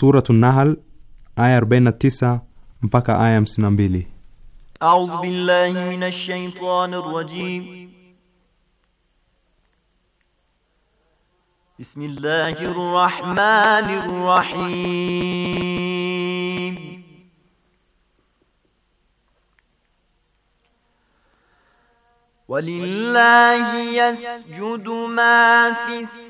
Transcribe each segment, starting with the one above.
Suratu Nahl aya 49 mpaka aya 52. A'udhu billahi minash shaitanir rajim. Bismillahir rahmanir rahim. Walillahi yasjudu ma fis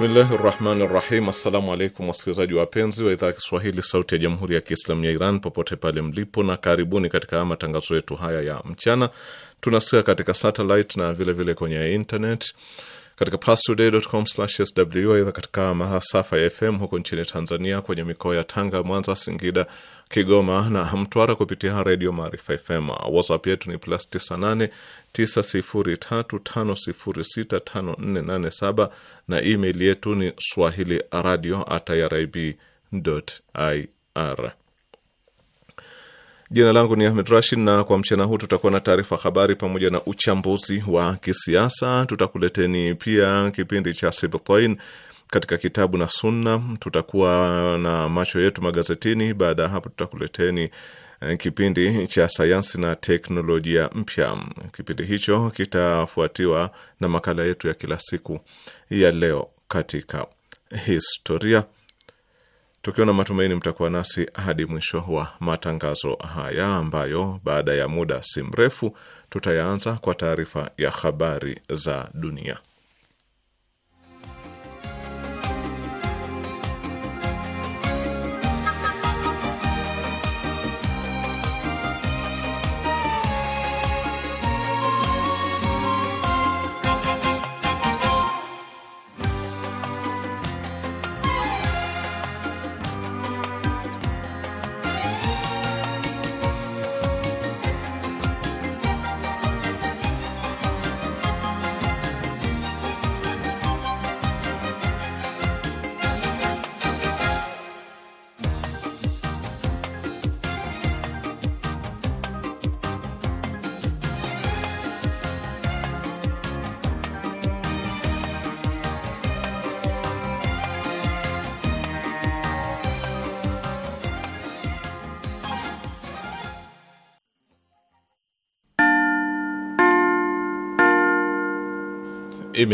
Bismillahi rahmani rahim. Assalamu alaikum wasikilizaji wapenzi wa idhaa ya Kiswahili sauti ya jamhuri ya Kiislamu ya Iran popote pale mlipo, na karibuni katika matangazo yetu haya ya mchana. tunasika katika satellite na vilevile vile kwenye internet katika pastoday.com/sw. Aidha, katika masafa ya FM huko nchini Tanzania kwenye mikoa ya Tanga, Mwanza, Singida, Kigoma na Mtwara kupitia redio Maarifa FM. WhatsApp yetu ni plus 98 na email yetu ni swahili radio at irib Jina langu ni Ahmed Rashid, na kwa mchana huu tutakuwa na taarifa habari pamoja na uchambuzi wa kisiasa. Tutakuleteni pia kipindi cha Sibtain katika kitabu na Sunna, tutakuwa na macho yetu magazetini. Baada ya hapo, tutakuleteni eh, kipindi cha sayansi na teknolojia mpya. Kipindi hicho kitafuatiwa na makala yetu ya kila siku ya leo katika historia tukiwa na matumaini mtakuwa nasi hadi mwisho wa matangazo haya ambayo baada ya muda si mrefu tutayaanza kwa taarifa ya habari za dunia.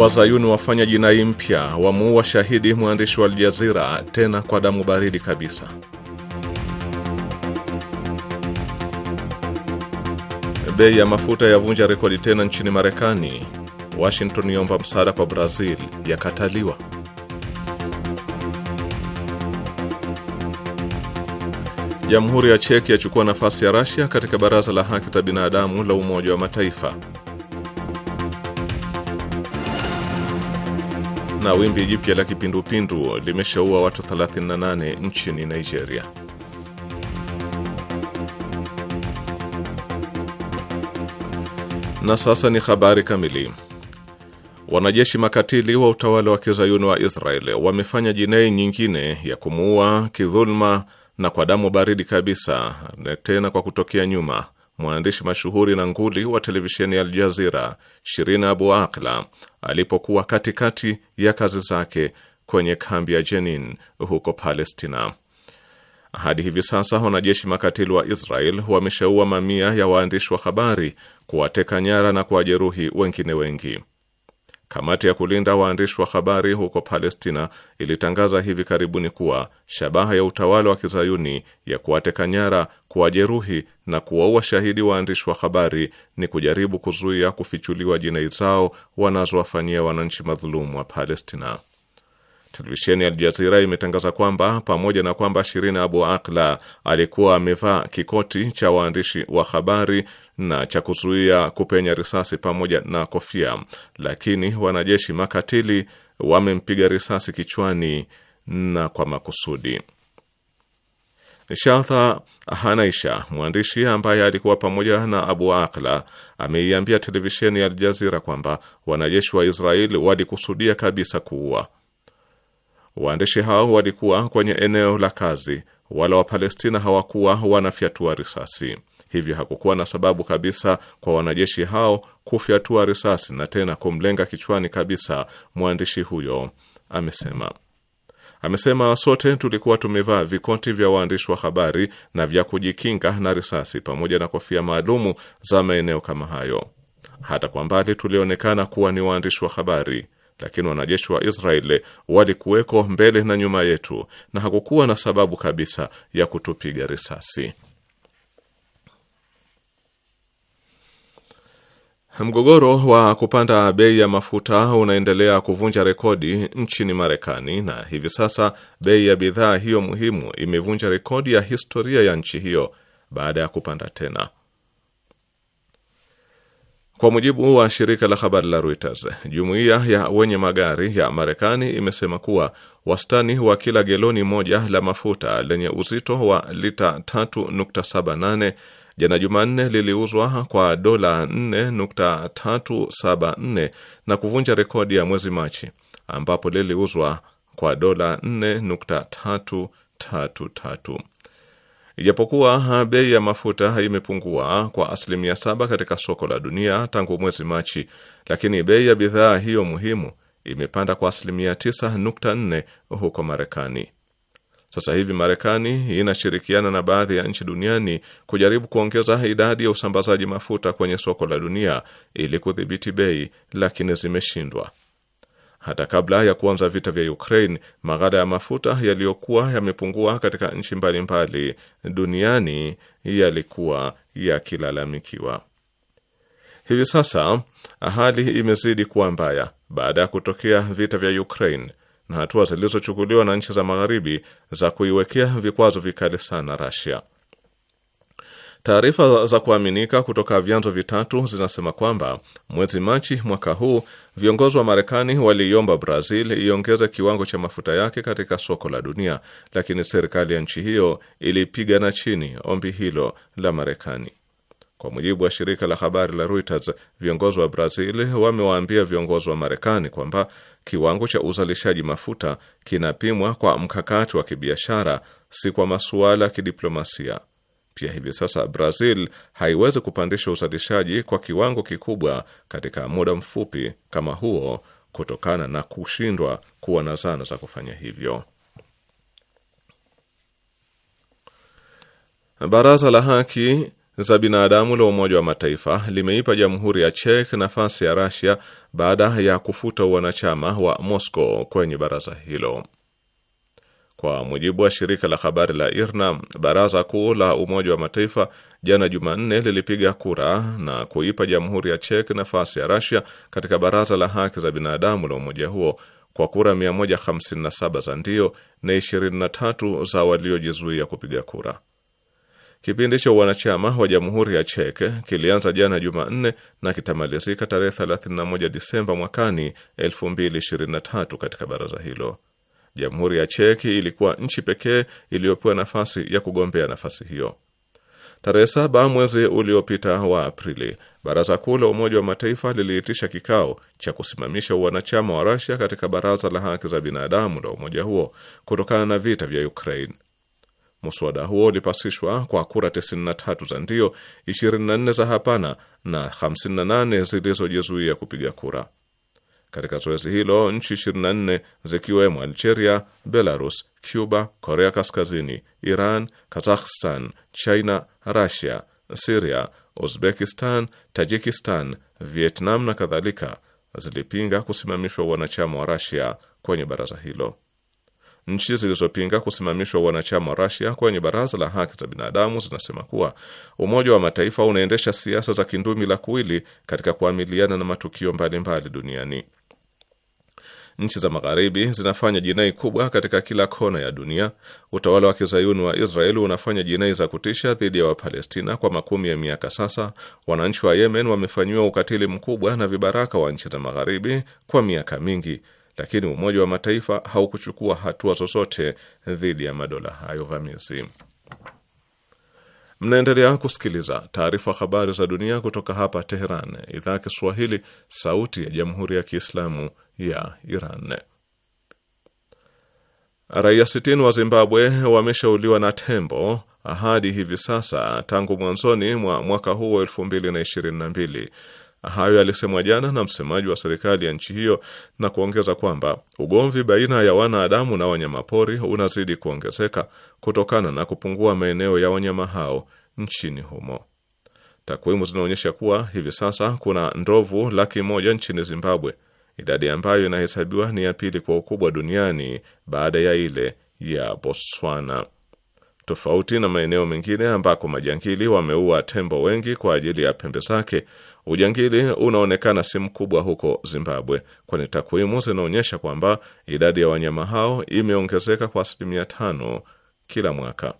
Wazayuni wafanya jinai mpya, wamuua shahidi mwandishi wa Aljazira, tena kwa damu baridi kabisa. Bei ya mafuta yavunja rekodi tena nchini Marekani. Washington yomba msaada kwa Brazil, yakataliwa. Jamhuri ya Cheki yachukua nafasi ya Rasia katika baraza la haki za binadamu la Umoja wa Mataifa. Na wimbi jipya la kipindupindu limeshaua watu 38 nchini Nigeria. Na sasa ni habari kamili. Wanajeshi makatili wa utawala wa kizayuni wa israel wamefanya jinai nyingine ya kumuua kidhuluma na kwa damu baridi kabisa, tena kwa kutokea nyuma mwandishi mashuhuri na nguli wa televisheni ya Aljazira Shirin Abu Akla alipokuwa katikati ya kazi zake kwenye kambi ya Jenin huko Palestina. Hadi hivi sasa wanajeshi makatili wa Israel wameshaua mamia ya waandishi wa habari, kuwateka nyara na kuwajeruhi wengine wengi. Kamati ya kulinda waandishi wa habari huko Palestina ilitangaza hivi karibuni kuwa shabaha ya utawala wa kizayuni ya kuwateka nyara, kuwajeruhi na kuwaua shahidi waandishi wa habari ni kujaribu kuzuia kufichuliwa jinai zao wanazowafanyia wananchi madhulumu wa Palestina. Televisheni ya Aljazira imetangaza kwamba pamoja na kwamba Shirin Abu Akla alikuwa amevaa kikoti cha waandishi wa habari na cha kuzuia kupenya risasi pamoja na kofia, lakini wanajeshi makatili wamempiga risasi kichwani na kwa makusudi. Shatha Hanaisha, mwandishi ambaye alikuwa pamoja na Abu Akla, ameiambia televisheni ya Aljazira kwamba wanajeshi wa Israeli walikusudia kabisa kuua waandishi hao. Walikuwa kwenye eneo la kazi, wala Wapalestina hawakuwa wanafyatua risasi hivyo hakukuwa na sababu kabisa kwa wanajeshi hao kufyatua risasi na tena kumlenga kichwani kabisa, mwandishi huyo amesema. Amesema sote tulikuwa tumevaa vikoti vya waandishi wa habari na vya kujikinga na risasi pamoja na kofia maalumu za maeneo kama hayo. Hata kwa mbali tulionekana kuwa ni waandishi wa habari, lakini wanajeshi wa Israeli walikuweko mbele na nyuma yetu, na hakukuwa na sababu kabisa ya kutupiga risasi. Mgogoro wa kupanda bei ya mafuta unaendelea kuvunja rekodi nchini Marekani na hivi sasa bei ya bidhaa hiyo muhimu imevunja rekodi ya historia ya nchi hiyo baada ya kupanda tena. Kwa mujibu wa shirika la habari la Reuters, jumuiya ya wenye magari ya Marekani imesema kuwa wastani wa kila geloni moja la mafuta lenye uzito wa lita 3.78 jana Jumanne liliuzwa kwa dola 4.374 na kuvunja rekodi ya mwezi Machi ambapo liliuzwa kwa dola 4.333. Ijapokuwa bei ya mafuta imepungua kwa asilimia saba katika soko la dunia tangu mwezi Machi, lakini bei ya bidhaa hiyo muhimu imepanda kwa asilimia 9.4 huko Marekani. Sasa hivi Marekani inashirikiana na baadhi ya nchi duniani kujaribu kuongeza idadi ya usambazaji mafuta kwenye soko la dunia ili kudhibiti bei, lakini zimeshindwa. Hata kabla ya kuanza vita vya Ukraine, maghala ya mafuta yaliyokuwa yamepungua katika nchi mbalimbali duniani yalikuwa yakilalamikiwa. Hivi sasa hali imezidi kuwa mbaya baada ya kutokea vita vya Ukraine na hatua zilizochukuliwa na nchi za magharibi za kuiwekea vikwazo vikali sana Russia. Taarifa za kuaminika kutoka vyanzo vitatu zinasema kwamba mwezi Machi mwaka huu viongozi wa Marekani waliiomba Brazil iongeze kiwango cha mafuta yake katika soko la dunia, lakini serikali ya nchi hiyo ilipigana chini ombi hilo la Marekani. Kwa mujibu wa shirika la habari la Reuters, viongozi wa Brazil wamewaambia viongozi wa Marekani kwamba kiwango cha uzalishaji mafuta kinapimwa kwa mkakati wa kibiashara, si kwa masuala ya kidiplomasia. Pia hivi sasa Brazil haiwezi kupandisha uzalishaji kwa kiwango kikubwa katika muda mfupi kama huo kutokana na kushindwa kuwa na zana za kufanya hivyo. Baraza la Haki za binadamu la Umoja wa Mataifa limeipa Jamhuri ya Czech nafasi ya Russia baada ya kufuta wanachama wa Moscow kwenye baraza hilo. Kwa mujibu wa shirika la habari la IRNA, baraza kuu la Umoja wa Mataifa jana Jumanne lilipiga kura na kuipa Jamhuri ya Czech nafasi ya Russia katika baraza la haki za binadamu la umoja huo kwa kura 157 za ndio na 23 za waliojizuia kupiga kura. Kipindi cha wanachama wa Jamhuri ya chek kilianza jana Jumanne na kitamalizika tarehe 31 Disemba mwakani 2023 katika baraza hilo. Jamhuri ya Cheki ilikuwa nchi pekee iliyopewa nafasi ya kugombea nafasi hiyo. Tarehe saba mwezi uliopita wa Aprili, baraza kuu la Umoja wa Mataifa liliitisha kikao cha kusimamisha uwanachama wa Rasia katika Baraza la Haki za Binadamu la umoja huo kutokana na vita vya Ukraine. Muswada huo ulipasishwa kwa kura 93 za ndio, 24 za hapana na 58 zilizojizuia kupiga kura. Katika zoezi hilo nchi 24 zikiwemo Algeria, Belarus, Cuba, Korea Kaskazini, Iran, Kazakhstan, China, Russia, Syria, Uzbekistan, Tajikistan, Vietnam na kadhalika zilipinga kusimamishwa wanachama wa Russia kwenye baraza hilo. Nchi zilizopinga kusimamishwa wanachama Rasia kwenye baraza la haki za binadamu zinasema kuwa Umoja wa Mataifa unaendesha siasa za kindumi la kuili katika kuamiliana na matukio mbalimbali mbali duniani. Nchi za magharibi zinafanya jinai kubwa katika kila kona ya dunia. Utawala wa kizayuni wa Israeli unafanya jinai za kutisha dhidi ya Wapalestina kwa makumi ya miaka sasa. Wananchi wa Yemen wamefanyiwa ukatili mkubwa na vibaraka wa nchi za magharibi kwa miaka mingi lakini Umoja wa Mataifa haukuchukua hatua zozote dhidi ya madola hayo vamizi. Mnaendelea kusikiliza taarifa habari za dunia kutoka hapa Teheran, idhaa ya Kiswahili, sauti ya jamhuri ya kiislamu ya Iran. Raia sitini wa Zimbabwe wameshauliwa na tembo hadi hivi sasa tangu mwanzoni mwa mwaka huu wa elfu mbili na ishirini na mbili Hayo yalisemwa jana na msemaji wa serikali ya nchi hiyo na kuongeza kwamba ugomvi baina ya wanadamu na wanyamapori unazidi kuongezeka kutokana na kupungua maeneo ya wanyama hao nchini humo. Takwimu zinaonyesha kuwa hivi sasa kuna ndovu laki moja nchini Zimbabwe, idadi ambayo inahesabiwa ni ya pili kwa ukubwa duniani baada ya ile ya Botswana. Tofauti na maeneo mengine ambako majangili wameua tembo wengi kwa ajili ya pembe zake, Ujangili unaonekana si mkubwa huko Zimbabwe, kwani takwimu zinaonyesha kwamba idadi ya wanyama hao imeongezeka kwa asilimia tano kila mwaka.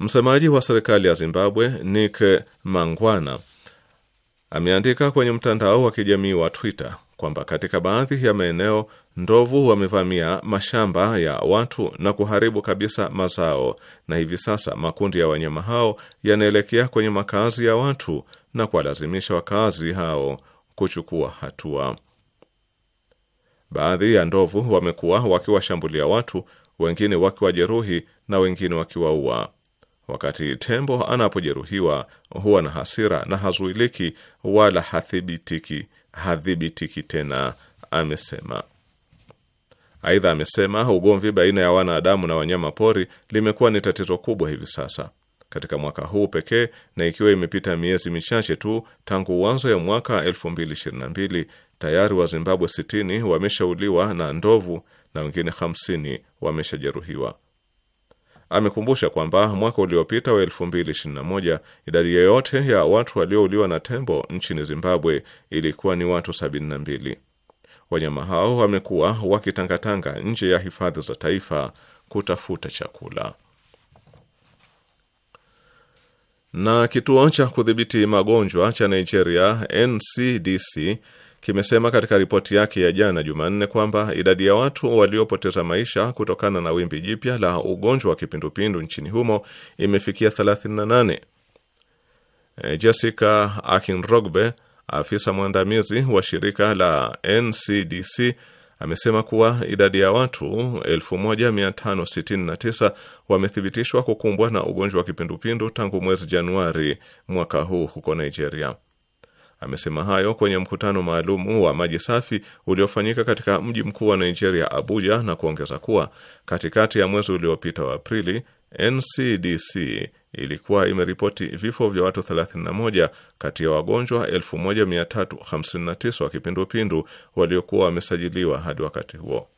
Msemaji wa serikali ya Zimbabwe Nick Mangwana ameandika kwenye mtandao wa kijamii wa Twitter kwamba katika baadhi ya maeneo Ndovu wamevamia mashamba ya watu na kuharibu kabisa mazao, na hivi sasa makundi ya wanyama hao yanaelekea kwenye makazi ya watu na kuwalazimisha wakazi hao kuchukua hatua. Baadhi ya ndovu wamekuwa wakiwashambulia watu, wengine wakiwajeruhi na wengine wakiwaua. Wakati tembo anapojeruhiwa huwa na hasira na hazuiliki wala hathibitiki, hadhibitiki tena, amesema. Aidha, amesema ugomvi baina ya wanadamu na wanyama pori limekuwa ni tatizo kubwa hivi sasa katika mwaka huu pekee, na ikiwa imepita miezi michache tu tangu uanzo ya mwaka 2022 tayari wa Zimbabwe 60 wameshauliwa na ndovu na wengine 50 wameshajeruhiwa. Amekumbusha kwamba mwaka uliopita wa 2021 idadi yoyote ya watu waliouliwa na tembo nchini Zimbabwe ilikuwa ni watu 72. Wanyama hao wamekuwa wakitangatanga nje ya hifadhi za taifa kutafuta chakula. Na kituo cha kudhibiti magonjwa cha Nigeria NCDC kimesema katika ripoti yake ya jana Jumanne kwamba idadi ya watu waliopoteza maisha kutokana na wimbi jipya la ugonjwa wa kipindupindu nchini humo imefikia 38. Eh, Jessica Akinrogbe Afisa mwandamizi wa shirika la NCDC amesema kuwa idadi ya watu 1569 wamethibitishwa kukumbwa na ugonjwa wa kipindupindu tangu mwezi Januari mwaka huu huko Nigeria. Amesema hayo kwenye mkutano maalumu wa maji safi uliofanyika katika mji mkuu wa Nigeria, Abuja, na kuongeza kuwa katikati ya mwezi uliopita wa Aprili NCDC ilikuwa imeripoti vifo vya watu 31 kati ya wagonjwa 1359 wa kipindupindu waliokuwa wamesajiliwa hadi wakati huo.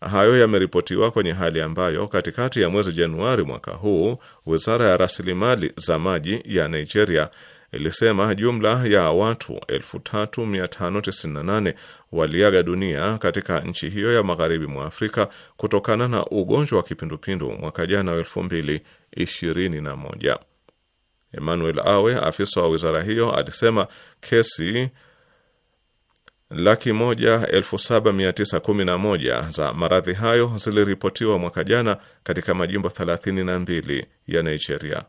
Hayo yameripotiwa kwenye hali ambayo katikati ya mwezi Januari mwaka huu wizara ya rasilimali za maji ya Nigeria ilisema jumla ya watu 3598 waliaga dunia katika nchi hiyo ya magharibi mwa Afrika kutokana na ugonjwa wa kipindupindu mwaka jana wa moja. Emmanuel Awe, afisa wa wizara hiyo, alisema kesi laki moja elfu saba mia tisa kumi na moja za maradhi hayo ziliripotiwa mwaka jana katika majimbo 32 ya Nigeria.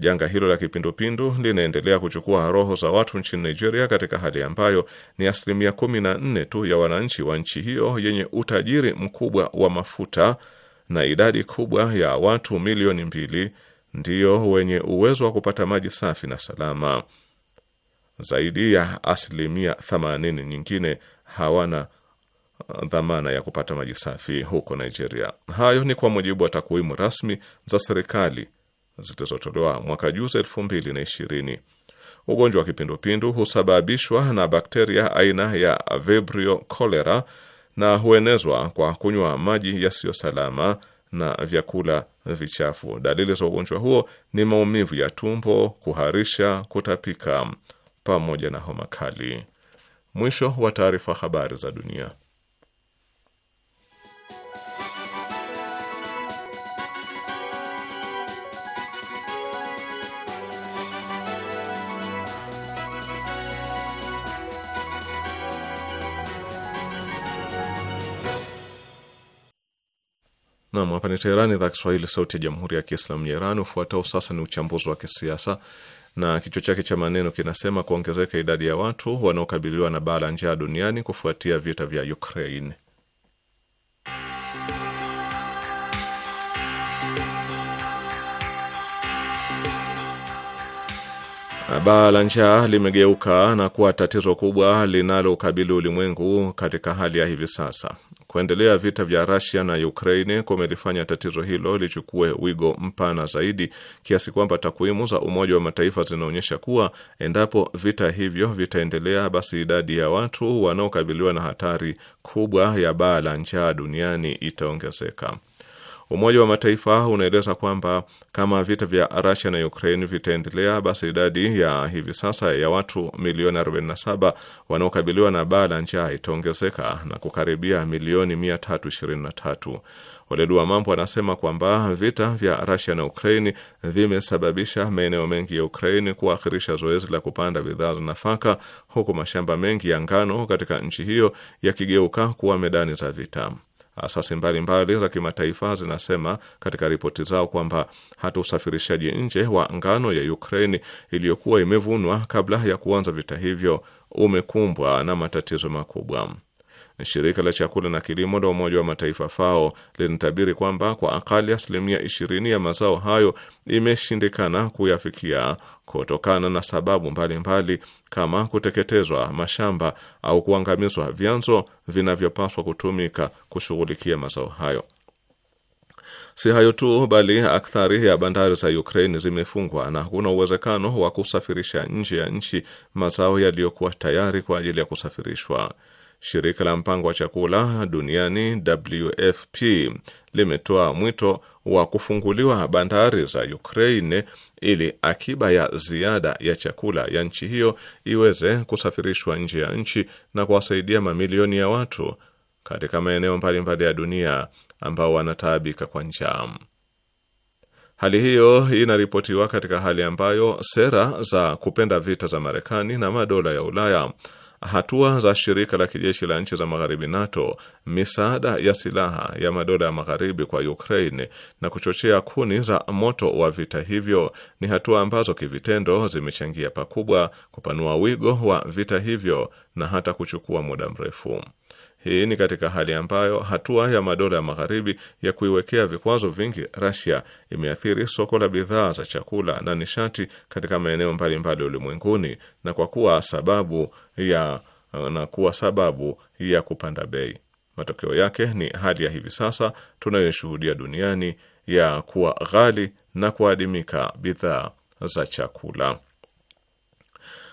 Janga hilo la kipindupindu linaendelea kuchukua roho za watu nchini Nigeria, katika hali ambayo ni asilimia 14 tu ya wananchi wa nchi hiyo yenye utajiri mkubwa wa mafuta na idadi kubwa ya watu milioni mbili ndiyo wenye uwezo wa kupata maji safi na salama. Zaidi ya asilimia 80 nyingine hawana uh, dhamana ya kupata maji safi huko Nigeria. Hayo ni kwa mujibu wa takwimu rasmi za serikali zilizotolewa mwaka juzi elfu mbili na ishirini. Ugonjwa wa kipindupindu husababishwa na bakteria aina ya Vibrio cholera na huenezwa kwa kunywa maji yasiyo salama na vyakula vichafu. Dalili za ugonjwa huo ni maumivu ya tumbo, kuharisha, kutapika pamoja na homa kali. Mwisho wa taarifa. Habari za dunia. Nam, hapa ni Teherani, idhaa Kiswahili, sauti ya jamhuri ya kiislamu ya Iran. Ufuatao sasa ni uchambuzi wa kisiasa na kichwa chake cha maneno kinasema kuongezeka idadi ya watu wanaokabiliwa na baa la njaa duniani kufuatia vita vya Ukraine. Baa la njaa limegeuka na kuwa tatizo kubwa linaloukabili ulimwengu katika hali ya hivi sasa. Kuendelea vita vya Rusia na Ukraini kumelifanya tatizo hilo lichukue wigo mpana zaidi, kiasi kwamba takwimu za Umoja wa Mataifa zinaonyesha kuwa endapo vita hivyo vitaendelea, basi idadi ya watu wanaokabiliwa na hatari kubwa ya baa la njaa duniani itaongezeka. Umoja wa Mataifa unaeleza kwamba kama vita vya Russia na Ukraine vitaendelea, basi idadi ya hivi sasa ya watu milioni 47 wanaokabiliwa na baa la njaa itaongezeka na kukaribia milioni 323. waledu wa mambo wanasema kwamba vita vya Russia na Ukraine vimesababisha maeneo mengi ya Ukraine kuakhirisha zoezi la kupanda bidhaa za nafaka, huku mashamba mengi ya ngano katika nchi hiyo yakigeuka kuwa medani za vita. Asasi mbalimbali za kimataifa zinasema katika ripoti zao kwamba hata usafirishaji nje wa ngano ya Ukraini iliyokuwa imevunwa kabla ya kuanza vita hivyo umekumbwa na matatizo makubwa. Shirika la chakula na kilimo la Umoja wa Mataifa FAO linatabiri kwamba kwa akali asilimia ishirini ya mazao hayo imeshindikana kuyafikia kutokana na sababu mbalimbali mbali, kama kuteketezwa mashamba au kuangamizwa vyanzo vinavyopaswa kutumika kushughulikia mazao hayo. Si hayo tu, bali akthari ya bandari za Ukraine zimefungwa na hakuna uwezekano wa kusafirisha nje ya nchi mazao yaliyokuwa tayari kwa ajili ya kusafirishwa. Shirika la mpango wa chakula duniani WFP limetoa mwito wa kufunguliwa bandari za Ukraine ili akiba ya ziada ya chakula ya nchi hiyo iweze kusafirishwa nje ya nchi na kuwasaidia mamilioni ya watu katika maeneo mbalimbali ya dunia ambao wanataabika kwa njaa. Hali hiyo inaripotiwa katika hali ambayo sera za kupenda vita za Marekani na madola ya Ulaya hatua za shirika la kijeshi la nchi za magharibi NATO, misaada ya silaha ya madola ya magharibi kwa Ukraine na kuchochea kuni za moto wa vita hivyo ni hatua ambazo kivitendo zimechangia pakubwa kupanua wigo wa vita hivyo na hata kuchukua muda mrefu. Hii ni katika hali ambayo hatua ya madola ya magharibi ya kuiwekea vikwazo vingi Russia imeathiri soko la bidhaa za chakula na nishati katika maeneo mbalimbali ulimwenguni na kwa kuwa sababu ya na kuwa sababu ya kupanda bei. Matokeo yake ni hali ya hivi sasa tunayoshuhudia duniani ya kuwa ghali na kuadimika bidhaa za chakula.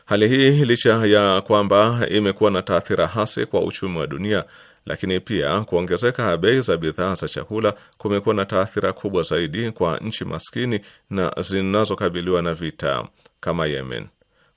Hali hii licha ya kwamba imekuwa na taathira hasi kwa uchumi wa dunia, lakini pia kuongezeka bei za bidhaa za chakula kumekuwa na taathira kubwa zaidi kwa nchi maskini na zinazokabiliwa na vita kama Yemen.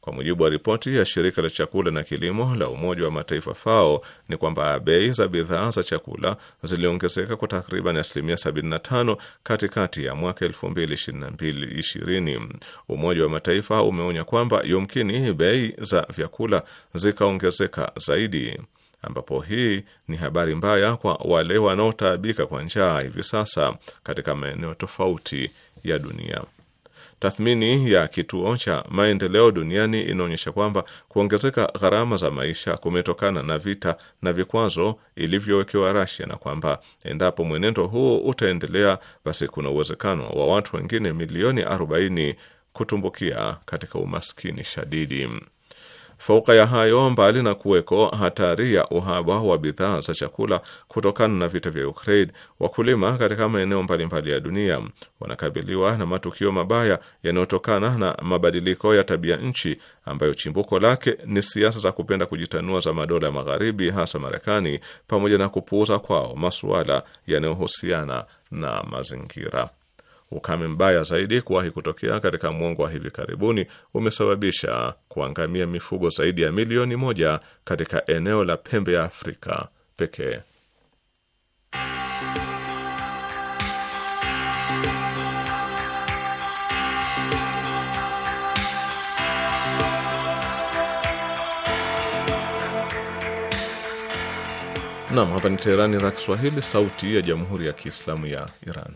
Kwa mujibu wa ripoti ya shirika la chakula na kilimo la Umoja wa Mataifa FAO ni kwamba bei za bidhaa za chakula ziliongezeka kwa takriban asilimia 75 katikati ya mwaka 2022 Umoja wa Mataifa umeonya kwamba yumkini bei za vyakula zikaongezeka zaidi, ambapo hii ni habari mbaya kwa wale wanaotaabika kwa njaa hivi sasa katika maeneo tofauti ya dunia. Tathmini ya kituo cha maendeleo duniani inaonyesha kwamba kuongezeka gharama za maisha kumetokana na vita na vikwazo ilivyowekewa Rasia, na kwamba endapo mwenendo huo utaendelea, basi kuna uwezekano wa watu wengine milioni 40 kutumbukia katika umaskini shadidi. Fauka ya hayo, mbali na kuweko hatari ya uhaba wa bidhaa za chakula kutokana na vita vya Ukraine, wakulima katika maeneo mbalimbali ya dunia wanakabiliwa na matukio mabaya yanayotokana na mabadiliko ya tabia nchi ambayo chimbuko lake ni siasa za kupenda kujitanua za madola ya Magharibi, hasa Marekani, pamoja na kupuuza kwao masuala yanayohusiana na mazingira. Ukame mbaya zaidi kuwahi kutokea katika mwongo wa hivi karibuni umesababisha kuangamia mifugo zaidi ya milioni moja katika eneo la pembe ya Afrika pekee. Nam, hapa ni Teherani, idhaa Kiswahili, sauti ya jamhuri ya kiislamu ya Iran.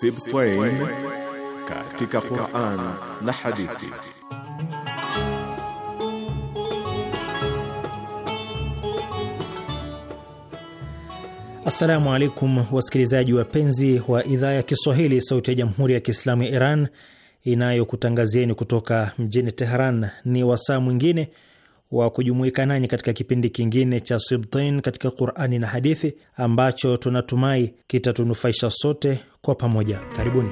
Sib katika Qur'an na hadithi. Assalamu alaikum wasikilizaji wapenzi wa idhaa ya Kiswahili sauti ya Jamhuri ya Kiislamu ya Iran inayokutangazieni kutoka mjini Tehran. Ni wasaa mwingine wa kujumuika nanyi katika kipindi kingine cha Sibtain katika Qurani na Hadithi ambacho tunatumai kitatunufaisha sote kwa pamoja. Karibuni.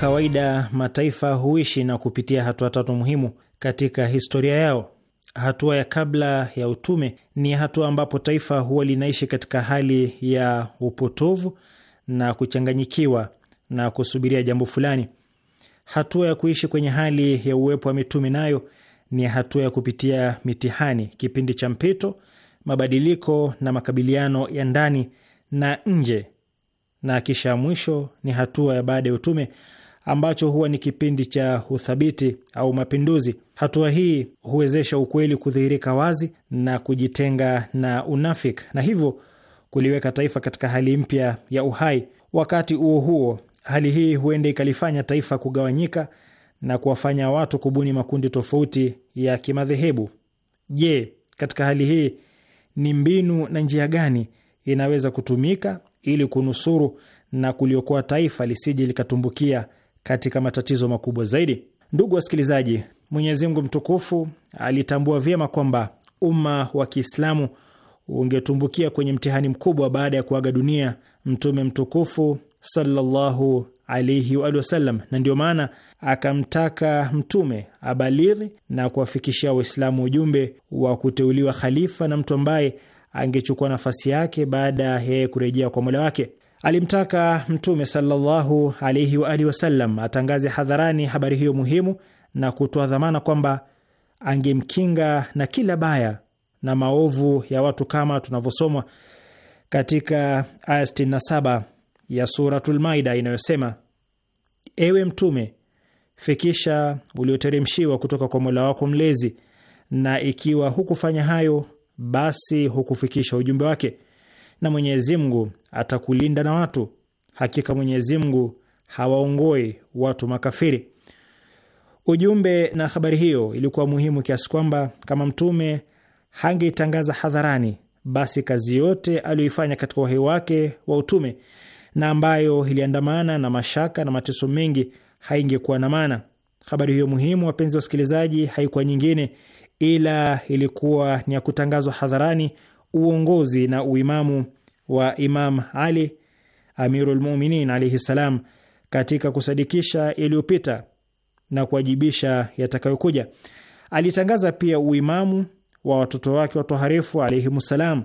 kawaida mataifa huishi na kupitia hatua tatu muhimu katika historia yao. Hatua ya kabla ya utume ni hatua ambapo taifa huwa linaishi katika hali ya upotovu na kuchanganyikiwa na kusubiria jambo fulani. Hatua ya kuishi kwenye hali ya uwepo wa mitume nayo ni hatua ya kupitia mitihani, kipindi cha mpito, mabadiliko na makabiliano ya ndani na nje, na kisha mwisho ni hatua ya baada ya utume ambacho huwa ni kipindi cha uthabiti au mapinduzi. Hatua hii huwezesha ukweli kudhihirika wazi na kujitenga na unafiki, na hivyo kuliweka taifa katika hali mpya ya uhai. Wakati huo huo, hali hii huenda ikalifanya taifa kugawanyika na kuwafanya watu kubuni makundi tofauti ya kimadhehebu. Je, katika hali hii ni mbinu na njia gani inaweza kutumika ili kunusuru na kuliokoa taifa lisije likatumbukia katika matatizo makubwa zaidi. Ndugu wasikilizaji, Mwenyezi Mungu mtukufu alitambua vyema kwamba umma wa Kiislamu ungetumbukia kwenye mtihani mkubwa baada ya kuaga dunia mtume mtukufu sallallahu alaihi wa sallam, na ndiyo maana akamtaka mtume abaliri na kuwafikishia Waislamu ujumbe wa kuteuliwa khalifa na mtu ambaye angechukua nafasi yake baada ya yeye kurejea kwa Mola wake. Alimtaka Mtume sallallahu alaihi wa alihi wasallam atangaze hadharani habari hiyo muhimu na kutoa dhamana kwamba angemkinga na kila baya na maovu ya watu kama tunavyosomwa katika aya 67 ya Suratul Maida inayosema: ewe Mtume, fikisha ulioteremshiwa kutoka kwa Mola wako Mlezi, na ikiwa hukufanya hayo, basi hukufikisha ujumbe wake na Mwenyezi Mungu atakulinda na watu. Hakika Mwenyezi Mungu hawaongoi watu makafiri. Ujumbe na habari hiyo ilikuwa muhimu kiasi kwamba kama Mtume hangeitangaza hadharani, basi kazi yote aliyoifanya katika uhai wake wa utume na ambayo iliandamana na mashaka na mateso mengi haingekuwa na maana. Habari hiyo muhimu, wapenzi wa wasikilizaji, haikuwa nyingine ila ilikuwa ni ya kutangazwa hadharani uongozi na uimamu wa Imam Ali Amirul Muminin alaihi ssalam katika kusadikisha yaliyopita na kuwajibisha yatakayokuja. Alitangaza pia uimamu wa watoto wake watoharifu alaihimussalam,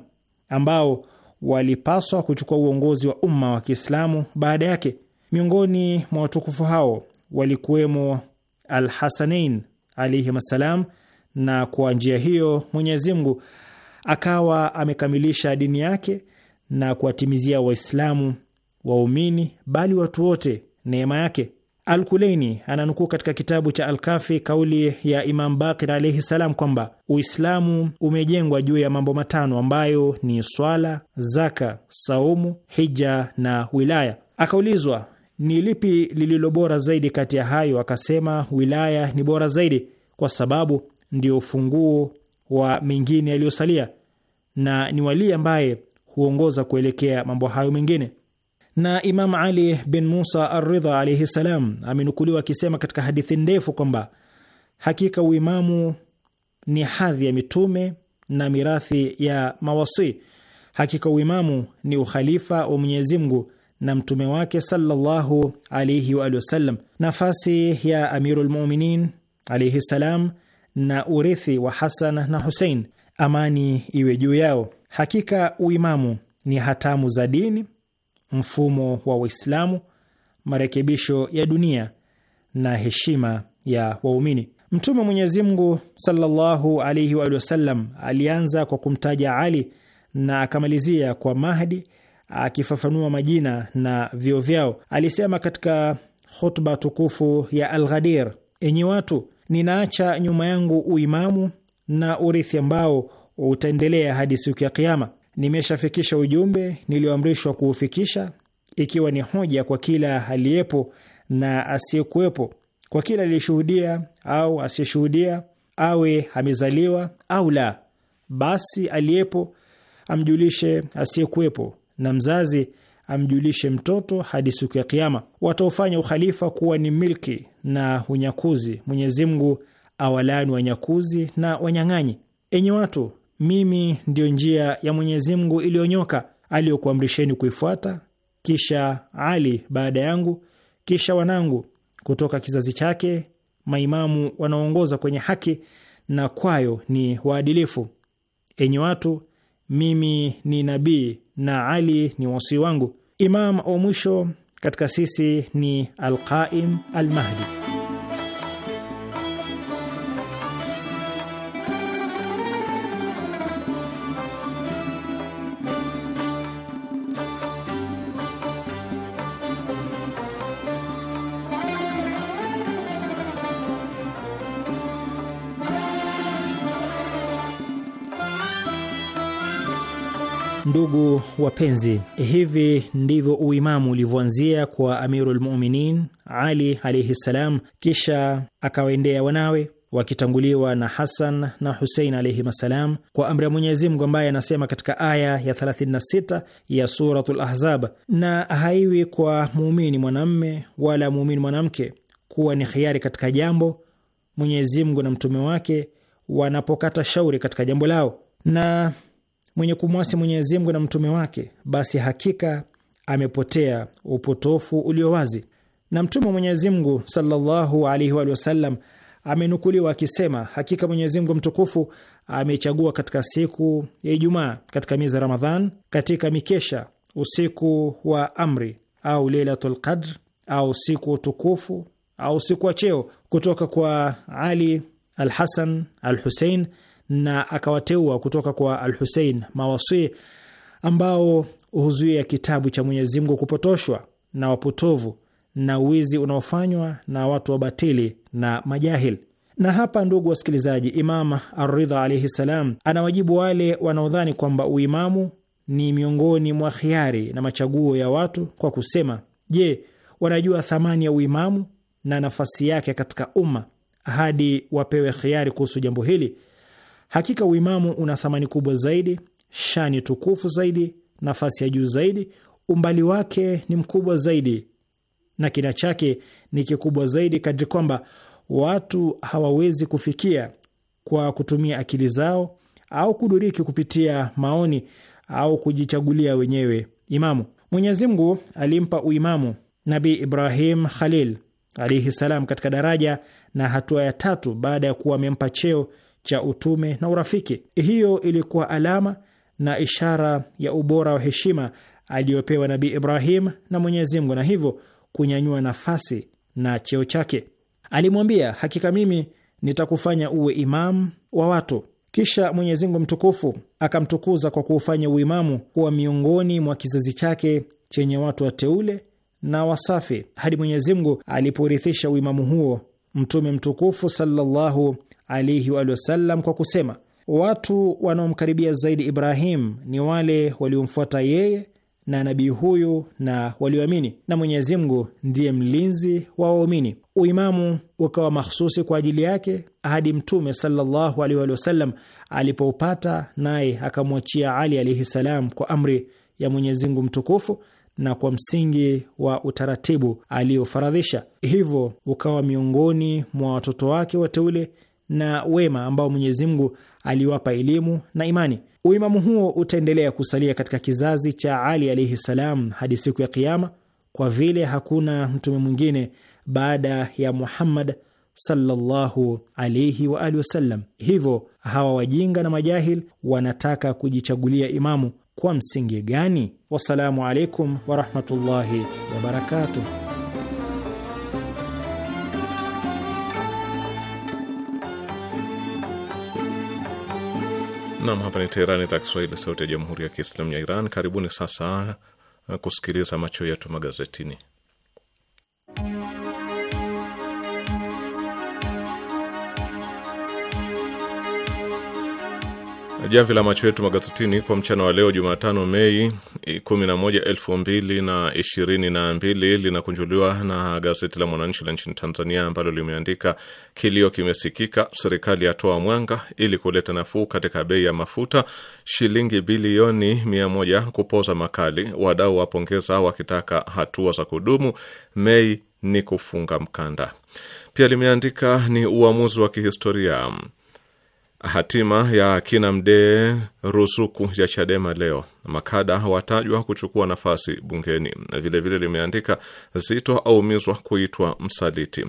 ambao walipaswa kuchukua uongozi wa umma wa Kiislamu baada yake. Miongoni mwa watukufu hao walikuwemo alhasanein alaihim assalam, na kwa njia hiyo Mwenyezi Mungu akawa amekamilisha dini yake na kuwatimizia Waislamu waumini, bali watu wote neema yake. Alkuleini ananukuu katika kitabu cha Alkafi kauli ya Imam Bakir alaihi salam kwamba Uislamu umejengwa juu ya mambo matano ambayo ni swala, zaka, saumu, hija na wilaya. Akaulizwa ni lipi lililo bora zaidi kati ya hayo, akasema wilaya ni bora zaidi, kwa sababu ndio ufunguo wa mengine yaliyosalia na ni walii ambaye huongoza kuelekea mambo hayo mengine. Na Imam Ali bin Musa Arridha alaihi salam amenukuliwa akisema katika hadithi ndefu kwamba hakika uimamu ni hadhi ya mitume na mirathi ya mawasi Hakika uimamu ni ukhalifa wa Mwenyezi Mungu na mtume wake sallallahu alaihi wa alihi wasallam, nafasi ya Amirul Muminin alaihi salam na urithi wa Hasan na Husein amani iwe juu yao. Hakika uimamu ni hatamu za dini, mfumo wa Waislamu, marekebisho ya dunia na heshima ya waumini. Mtume Mwenyezi Mungu sallallahu alaihi wa sallam alianza kwa kumtaja Ali na akamalizia kwa Mahdi, akifafanua majina na vio vyao. Alisema katika khutba tukufu ya Alghadir, enyi watu, ninaacha nyuma yangu uimamu na urithi ambao utaendelea hadi siku ya Kiama. Nimeshafikisha ujumbe nilioamrishwa kuufikisha, ikiwa ni hoja kwa kila aliyepo na asiyekuwepo, kwa kila aliyeshuhudia au asiyeshuhudia, awe amezaliwa au la. Basi aliyepo amjulishe asiyekuwepo, na mzazi amjulishe mtoto hadi siku ya Kiama. Wataofanya ukhalifa kuwa ni milki na unyakuzi, Mwenyezi Mungu awalani wanyakuzi na wanyang'anyi. Enyi watu, mimi ndiyo njia ya Mwenyezi Mungu iliyonyoka aliyokuamrisheni kuifuata, kisha Ali baada yangu, kisha wanangu kutoka kizazi chake, maimamu wanaoongoza kwenye haki na kwayo ni waadilifu. Enyi watu, mimi ni nabii na Ali ni wasii wangu. Imam wa mwisho katika sisi ni Alqaim Almahdi. ndugu wapenzi, hivi ndivyo uimamu ulivyoanzia kwa Amirul Muminin Ali alaihi ssalam, kisha akawaendea wanawe wakitanguliwa na Hasan na Husein alaihim assalam, kwa amri ya Mwenyezi Mungu ambaye anasema katika aya ya 36 ya Suratul Lahzab, na haiwi kwa muumini mwanamme wala muumini mwanamke kuwa ni khiari katika jambo, Mwenyezi Mungu na mtume wake wanapokata shauri katika jambo lao, na mwenye kumwasi Mwenyezi Mungu na mtume wake, basi hakika amepotea upotofu ulio wazi. Na mtume wa Mwenyezi Mungu sallallahu alaihi amenukuliwa akisema, hakika Mwenyezi Mungu mtukufu amechagua katika siku ya Ijumaa katika miezi ya Ramadhan, katika mikesha usiku wa amri au Lailatul Qadr au siku wa utukufu au siku wa cheo kutoka kwa Ali alhasan Alhusein al-Husein na akawateua kutoka kwa Al Husein mawasi ambao huzuia kitabu cha Mwenyezi Mungu kupotoshwa na wapotovu na wizi unaofanywa na watu wabatili na majahil. Na hapa, ndugu wasikilizaji, Imam Aridha alaihi ssalam anawajibu wale wanaodhani kwamba uimamu ni miongoni mwa khiari na machaguo ya watu kwa kusema, je, wanajua thamani ya uimamu na nafasi yake katika umma hadi wapewe khiari kuhusu jambo hili? Hakika uimamu una thamani kubwa zaidi, shani tukufu zaidi, nafasi ya juu zaidi, umbali wake ni mkubwa zaidi na kina chake ni kikubwa zaidi, kadri kwamba watu hawawezi kufikia kwa kutumia akili zao au kuduriki kupitia maoni au kujichagulia wenyewe imamu. Mwenyezi Mungu alimpa uimamu Nabi Ibrahim Khalil alaihi salam katika daraja na hatua ya tatu baada ya kuwa amempa cheo cha utume na urafiki. Hiyo ilikuwa alama na ishara ya ubora wa heshima aliyopewa Nabii Ibrahim na Mwenyezi Mungu, na hivyo kunyanyua nafasi na cheo chake. Alimwambia, hakika mimi nitakufanya uwe imamu wa watu. Kisha Mwenyezi Mungu mtukufu akamtukuza kwa kuufanya uimamu kuwa miongoni mwa kizazi chake chenye watu wateule na wasafi, hadi Mwenyezi Mungu uimamu huo Mtume mtukufu sallallahu alaihi wasallam kwa kusema, watu wanaomkaribia zaidi Ibrahim ni wale waliomfuata yeye na nabii huyu na walioamini, na Mwenyezi Mungu ndiye mlinzi wa waumini. Uimamu ukawa mahsusi kwa ajili yake hadi Mtume sallallahu alaihi alipoupata, naye akamwachia Ali alaihi salam kwa amri ya Mwenyezi Mungu mtukufu na kwa msingi wa utaratibu aliofaradhisha, hivyo ukawa miongoni mwa watoto wake wateule na wema ambao Mwenyezi Mungu aliwapa elimu na imani. Uimamu huo utaendelea kusalia katika kizazi cha Ali alaihi salam hadi siku ya Kiama, kwa vile hakuna mtume mwingine baada ya Muhammad sallallahu alaihi wa alihi wasallam. Hivyo hawa wajinga na majahil wanataka kujichagulia imamu kwa msingi gani? Wassalamu alaikum warahmatullahi wabarakatuh. Nam, hapa ni Teherani, idhaa Kiswahili, sauti ya jamhuri ya kiislamu ya Iran. Karibuni sasa uh, kusikiliza macho yetu magazetini. Jamvi la macho yetu magazetini kwa mchana wa leo Jumatano, Mei 11, 2022 linakunjuliwa na gazeti la Mwananchi la nchini Tanzania ambalo limeandika kilio kimesikika, serikali yatoa mwanga ili kuleta nafuu katika bei ya mafuta, shilingi bilioni 100 kupoza makali, wadau wapongeza wakitaka hatua za kudumu, Mei ni kufunga mkanda. Pia limeandika ni uamuzi wa kihistoria Hatima ya kina Mdee ruzuku ya Chadema leo, makada watajwa kuchukua nafasi bungeni. Vilevile limeandika Zito aumizwa kuitwa msaliti,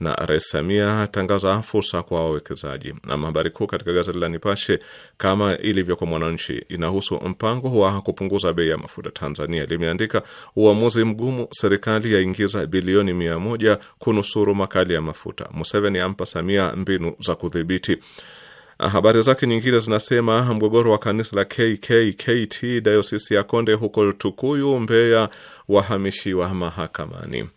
na Rais Samia atangaza fursa kwa wawekezaji. Na habari kuu katika gazeti la Nipashe, kama ilivyo kwa Mwananchi, inahusu mpango wa kupunguza bei ya mafuta Tanzania. Limeandika uamuzi mgumu, serikali yaingiza bilioni mia moja kunusuru makali ya mafuta. Museveni ampa Samia mbinu za kudhibiti Habari zake nyingine zinasema mgogoro wa kanisa la KKKT dayosisi ya Konde huko Tukuyu, Mbeya wahamishiwa mahakamani.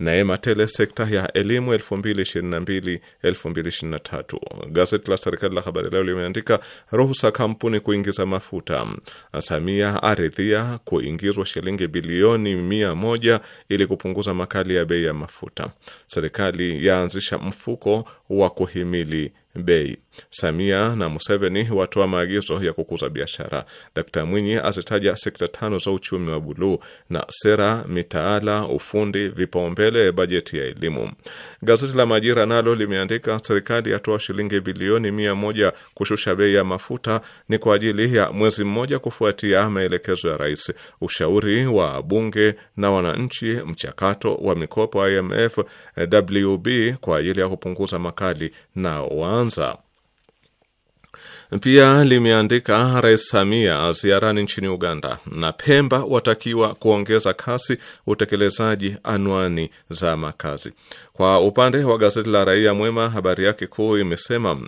Neema tele sekta ya elimu 2022 2023. Gazeti la serikali la Habari Leo limeandika ruhusa kampuni kuingiza mafuta. Samia aridhia kuingizwa shilingi bilioni mia moja ili kupunguza makali ya bei ya mafuta. Serikali yaanzisha mfuko wa kuhimili bei. Samia na Museveni watoa maagizo ya kukuza biashara. Dkt Mwinyi azitaja sekta tano za uchumi wa buluu na sera, mitaala, ufundi vipaumbele bajeti ya elimu. Gazeti la Majira nalo limeandika serikali yatoa shilingi bilioni mia moja kushusha bei ya mafuta, ni kwa ajili ya mwezi mmoja kufuatia maelekezo ya rais, ushauri wa bunge na wananchi, mchakato wa mikopo IMF WB kwa ajili ya kupunguza makali na wanzi kwanza. Pia limeandika Rais Samia ziarani nchini Uganda na Pemba watakiwa kuongeza kasi utekelezaji anwani za makazi. Kwa upande wa gazeti la Raia Mwema, habari yake kuu imesema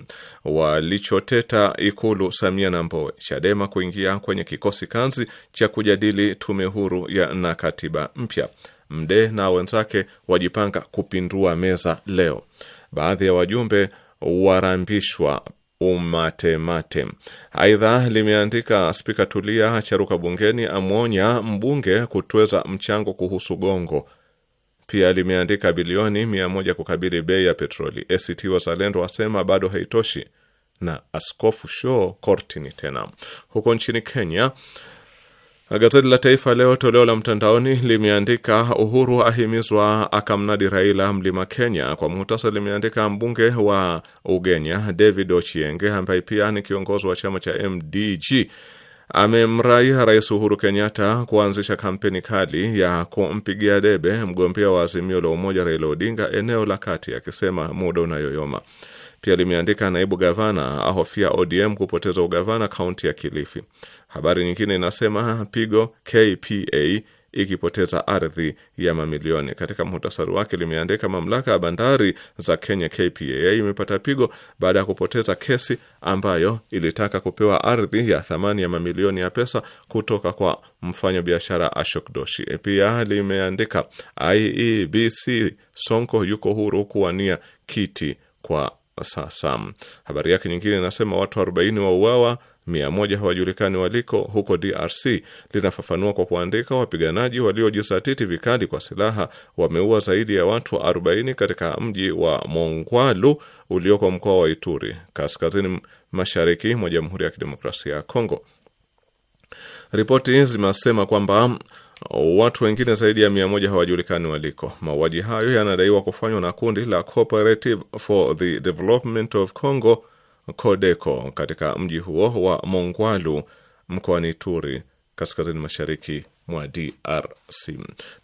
walichoteta Ikulu Samia na Mbowe, Chadema kuingia kwenye kikosi kazi cha kujadili tume huru ya na katiba mpya. Mdee na wenzake wajipanga kupindua meza leo. Baadhi ya wajumbe warambishwa umatemate. Aidha limeandika Spika Tulia charuka bungeni, amwonya mbunge kutweza mchango kuhusu gongo. Pia limeandika bilioni mia moja kukabili bei ya petroli, ACT Wazalendo wasema bado haitoshi, na Askofu Shoo kortini tena. Huko nchini Kenya Gazeti la Taifa Leo toleo la mtandaoni limeandika Uhuru ahimizwa akamnadi Raila mlima Kenya. Kwa muhtasari, limeandika mbunge wa Ugenya David Ochienge ambaye pia ni kiongozi wa chama cha MDG amemrai Rais Uhuru Kenyatta kuanzisha kampeni kali ya kumpigia debe mgombea wa Azimio la Umoja Raila Odinga eneo la kati, akisema muda unayoyoma. Pia limeandika naibu gavana ahofia ODM kupoteza ugavana kaunti ya Kilifi. Habari nyingine inasema pigo KPA ikipoteza ardhi ya mamilioni. Katika muhtasari wake limeandika mamlaka ya bandari za Kenya KPA imepata pigo baada ya kupoteza kesi ambayo ilitaka kupewa ardhi ya thamani ya mamilioni ya pesa kutoka kwa mfanyabiashara Ashok Doshi. E, pia limeandika IEBC Sonko yuko huru kuwania kiti kwa sasa. Habari yake nyingine inasema watu 40 wauawa mia moja hawajulikani waliko huko DRC linafafanua kwa kuandika, wapiganaji waliojizatiti vikali kwa silaha wameua zaidi ya watu 40 katika mji wa Mongwalu ulioko mkoa wa Ituri kaskazini mashariki mwa Jamhuri ya Kidemokrasia ya Kongo. Ripoti zimesema kwamba watu wengine zaidi ya mia moja hawajulikani waliko. Mauaji hayo yanadaiwa kufanywa na kundi la Cooperative for the Development of Congo Kodeko katika mji huo wa Mongwalu mkoani Turi kaskazini mashariki mwa DRC.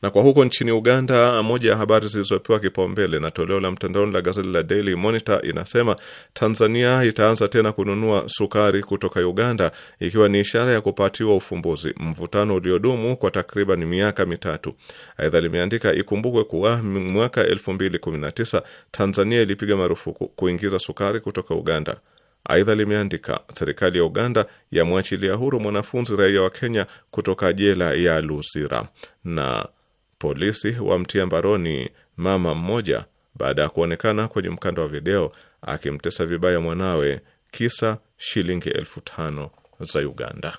Na kwa huko nchini Uganda, moja ya habari zilizopewa kipaumbele na toleo la mtandaoni la gazeti la Daily Monitor inasema Tanzania itaanza tena kununua sukari kutoka Uganda, ikiwa ni ishara ya kupatiwa ufumbuzi mvutano uliodumu kwa takriban miaka mitatu. Aidha limeandika ikumbukwe kuwa mwaka 2019 Tanzania ilipiga marufuku kuingiza sukari kutoka Uganda. Aidha limeandika serikali ya Uganda yamwachilia huru mwanafunzi raia wa Kenya kutoka jela ya Luzira, na polisi wamtia mbaroni mama mmoja baada ya kuonekana kwenye mkanda wa video akimtesa vibaya mwanawe kisa shilingi elfu tano za Uganda.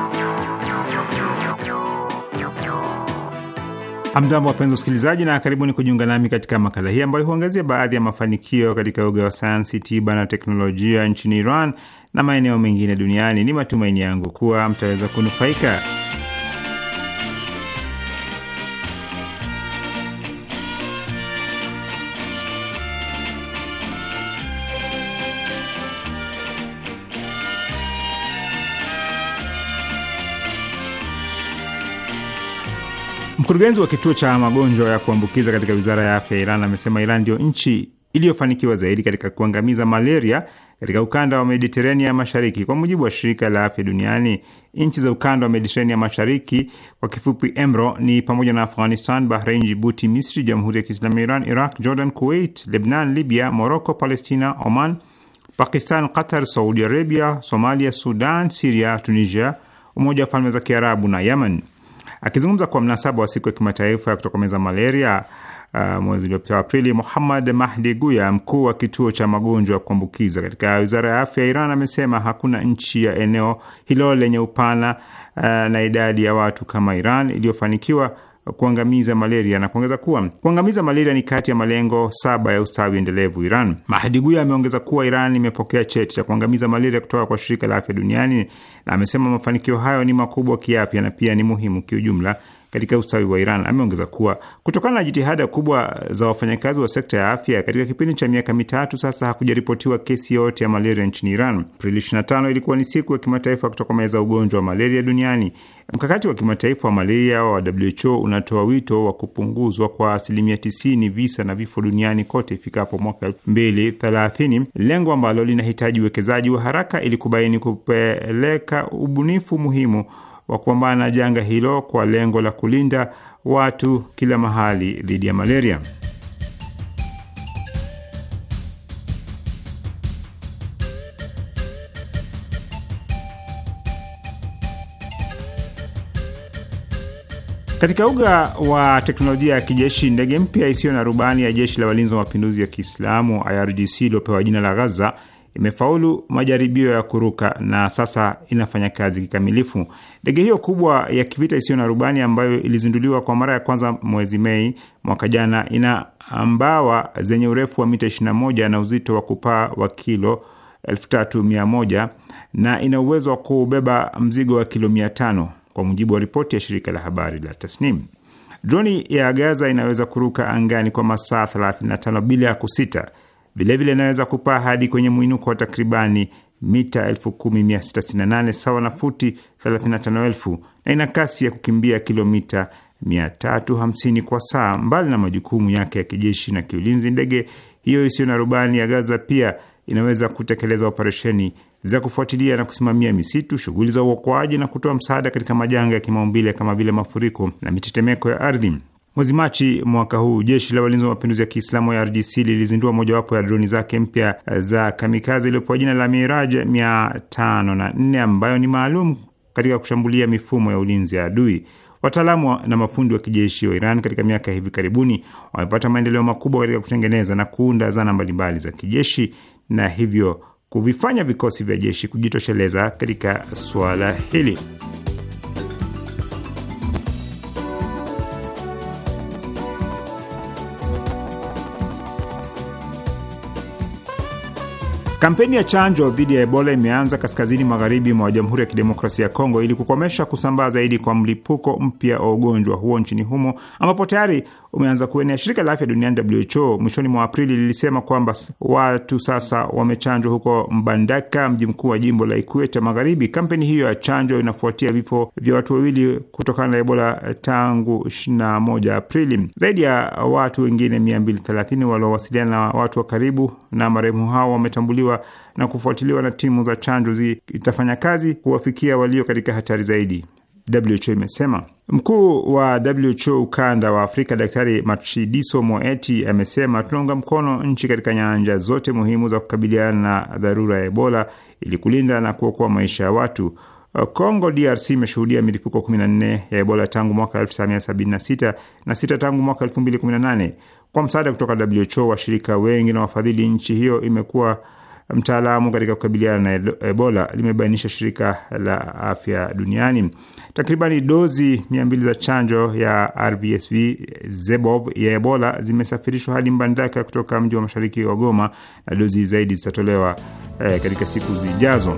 Hamjambo, wapenzi usikilizaji na karibuni kujiunga nami katika makala hii ambayo huangazia baadhi ya mafanikio katika uga wa sayansi, tiba na teknolojia nchini Iran na maeneo mengine duniani. Ni matumaini yangu kuwa mtaweza kunufaika. Mkurugenzi wa kituo cha magonjwa ya kuambukiza katika wizara ya afya ya Iran amesema Iran ndiyo nchi iliyofanikiwa zaidi katika kuangamiza malaria katika ukanda wa Mediterania ya Mashariki. Kwa mujibu wa shirika la afya duniani, nchi za ukanda wa Mediterania Mashariki, kwa kifupi EMRO, ni pamoja na Afghanistan, Bahrain, Jibuti, Misri, Jamhuri ya Kiislamu ya Iran, Iraq, Jordan, Kuwait, Lebnan, Libya, Moroko, Palestina, Oman, Pakistan, Qatar, Saudi Arabia, Somalia, Sudan, Siria, Tunisia, Umoja wa Falme za Kiarabu na Yemen. Akizungumza kwa mnasaba wa siku ya kimataifa ya kutokomeza malaria uh, mwezi uliopita wa Aprili, Muhammad Mahdi Guya, mkuu wa kituo cha magonjwa ya kuambukiza katika wizara ya afya ya Iran, amesema hakuna nchi ya eneo hilo lenye upana uh, na idadi ya watu kama Iran iliyofanikiwa kuangamiza malaria na kuongeza kuwa kuangamiza malaria ni kati ya malengo saba ya ustawi endelevu Iran. Mahdi ameongeza kuwa Iran imepokea cheti cha kuangamiza malaria kutoka kwa shirika la afya duniani, na amesema mafanikio hayo ni makubwa kiafya na pia ni muhimu kiujumla katika ustawi wa Iran. Ameongeza kuwa kutokana na jitihada kubwa za wafanyakazi wa sekta ya afya katika kipindi cha miaka mitatu sasa, hakujaripotiwa kesi yoyote ya malaria nchini Iran. Aprili 25 ilikuwa ni siku ya kimataifa kutokomeza ugonjwa wa malaria duniani. Mkakati wa kimataifa wa malaria wa WHO unatoa wito wa kupunguzwa kwa asilimia 90 visa na vifo duniani kote ifikapo mwaka 2030, lengo ambalo linahitaji uwekezaji wa haraka ili kubaini kupeleka ubunifu muhimu wa kupambana na janga hilo kwa lengo la kulinda watu kila mahali dhidi ya malaria. Katika uga wa teknolojia ya kijeshi, ndege mpya isiyo na rubani ya jeshi la walinzi wa mapinduzi ya Kiislamu IRGC iliyopewa jina la Ghaza imefaulu majaribio ya kuruka na sasa inafanya kazi kikamilifu. Ndege hiyo kubwa ya kivita isiyo na rubani ambayo ilizinduliwa kwa mara ya kwanza mwezi Mei mwaka jana, ina mbawa zenye urefu wa mita 21 na uzito wa kupaa wa kilo 3100 na ina uwezo wa kubeba mzigo wa kilo 500 kwa mujibu wa ripoti ya shirika la habari la Tasnim. Droni ya Gaza inaweza kuruka angani kwa masaa 35 bila ya kusita. Vilevile inaweza kupaa hadi kwenye mwinuko wa takribani mita 10668 sawa na futi 35000 na ina kasi ya kukimbia kilomita 350 kwa saa. Mbali na majukumu yake ya kijeshi na kiulinzi, ndege hiyo isiyo na rubani ya Gaza pia inaweza kutekeleza operesheni za kufuatilia na kusimamia misitu, shughuli za uokoaji na kutoa msaada katika majanga ya kimaumbile kama vile mafuriko na mitetemeko ya ardhi. Mwezi Machi mwaka huu jeshi la walinzi wa mapinduzi ya Kiislamu ya RGC lilizindua mojawapo ya droni zake mpya za kamikazi iliyopewa jina la Miraj mia tano na nne ambayo ni maalum katika kushambulia mifumo ya ulinzi ya adui. Wataalamu na mafundi wa kijeshi wa Iran katika miaka ya hivi karibuni wamepata maendeleo makubwa katika kutengeneza na kuunda zana mbalimbali za kijeshi na hivyo kuvifanya vikosi vya jeshi kujitosheleza katika suala hili. Kampeni ya chanjo dhidi ya Ebola imeanza kaskazini magharibi mwa Jamhuri ya Kidemokrasia ya Kongo ili kukomesha kusambaa zaidi kwa mlipuko mpya wa ugonjwa huo nchini humo ambapo tayari umeanza kuenea. Shirika la Afya Duniani WHO mwishoni mwa Aprili lilisema kwamba watu sasa wamechanjwa huko Mbandaka, mji mkuu wa jimbo la ikueta Magharibi. Kampeni hiyo ya chanjo inafuatia vifo vya watu wawili kutokana na Ebola tangu 21 Aprili. Zaidi ya watu wengine 230 waliowasiliana na watu wa karibu na marehemu hao wametambuliwa kuchukuliwa na kufuatiliwa na timu za chanjo zitafanya kazi kuwafikia walio katika hatari zaidi, WHO imesema. Mkuu wa WHO ukanda wa Afrika Daktari Matshidiso Moeti amesema tunaunga mkono nchi katika nyanja zote muhimu za kukabiliana na dharura ya Ebola ili kulinda na kuokoa maisha ya watu. Congo DRC imeshuhudia milipuko 14 ya Ebola tangu mwaka 1976 na sita tangu mwaka 2018. Kwa msaada kutoka WHO, washirika wengi na wafadhili, nchi hiyo imekuwa mtaalamu katika kukabiliana na Ebola, limebainisha shirika la afya duniani. Takribani dozi mia mbili za chanjo ya RVSV ZEBOV ya Ebola zimesafirishwa hadi Mbandaka kutoka mji wa mashariki wa Goma, na dozi zaidi zitatolewa eh, katika siku zijazo.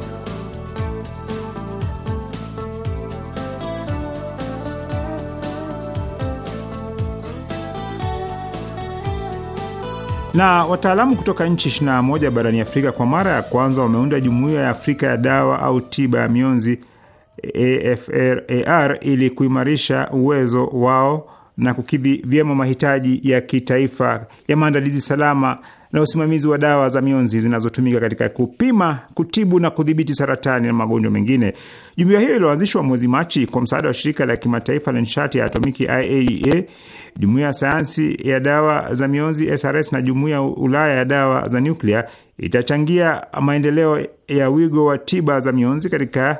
Na wataalamu kutoka nchi 21 barani Afrika kwa mara ya kwanza wameunda jumuiya ya Afrika ya dawa au tiba ya mionzi AFRAR ili kuimarisha uwezo wao na kukidhi vyema mahitaji ya kitaifa ya maandalizi salama na usimamizi wa dawa za mionzi zinazotumika katika kupima, kutibu na kudhibiti saratani na magonjwa mengine. Jumuiya hiyo iliyoanzishwa mwezi Machi kwa msaada wa shirika la kimataifa la nishati ya atomiki IAEA, e, jumuiya ya sayansi ya dawa za mionzi SRS na jumuiya ya Ulaya ya dawa za nyuklia itachangia maendeleo ya wigo wa tiba za mionzi katika